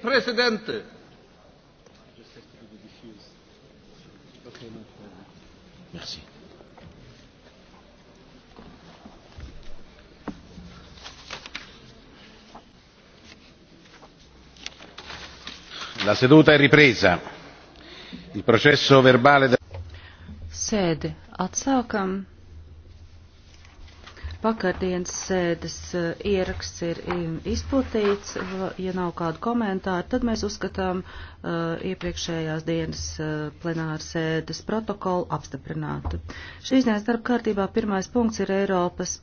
Presidente! Merci. La seduta è ripresa. Il processo verbale. Sēdi atsākam. Vakardienas sēdes eh, ieraksts ir izplatīts. Ja nav kādu komentāru, tad mēs uzskatām eh, iepriekšējās dienas eh, plenāra sēdes protokolu apstiprinātu. Šīs dienas darba kārtībā pirmais punkts ir Eiropas.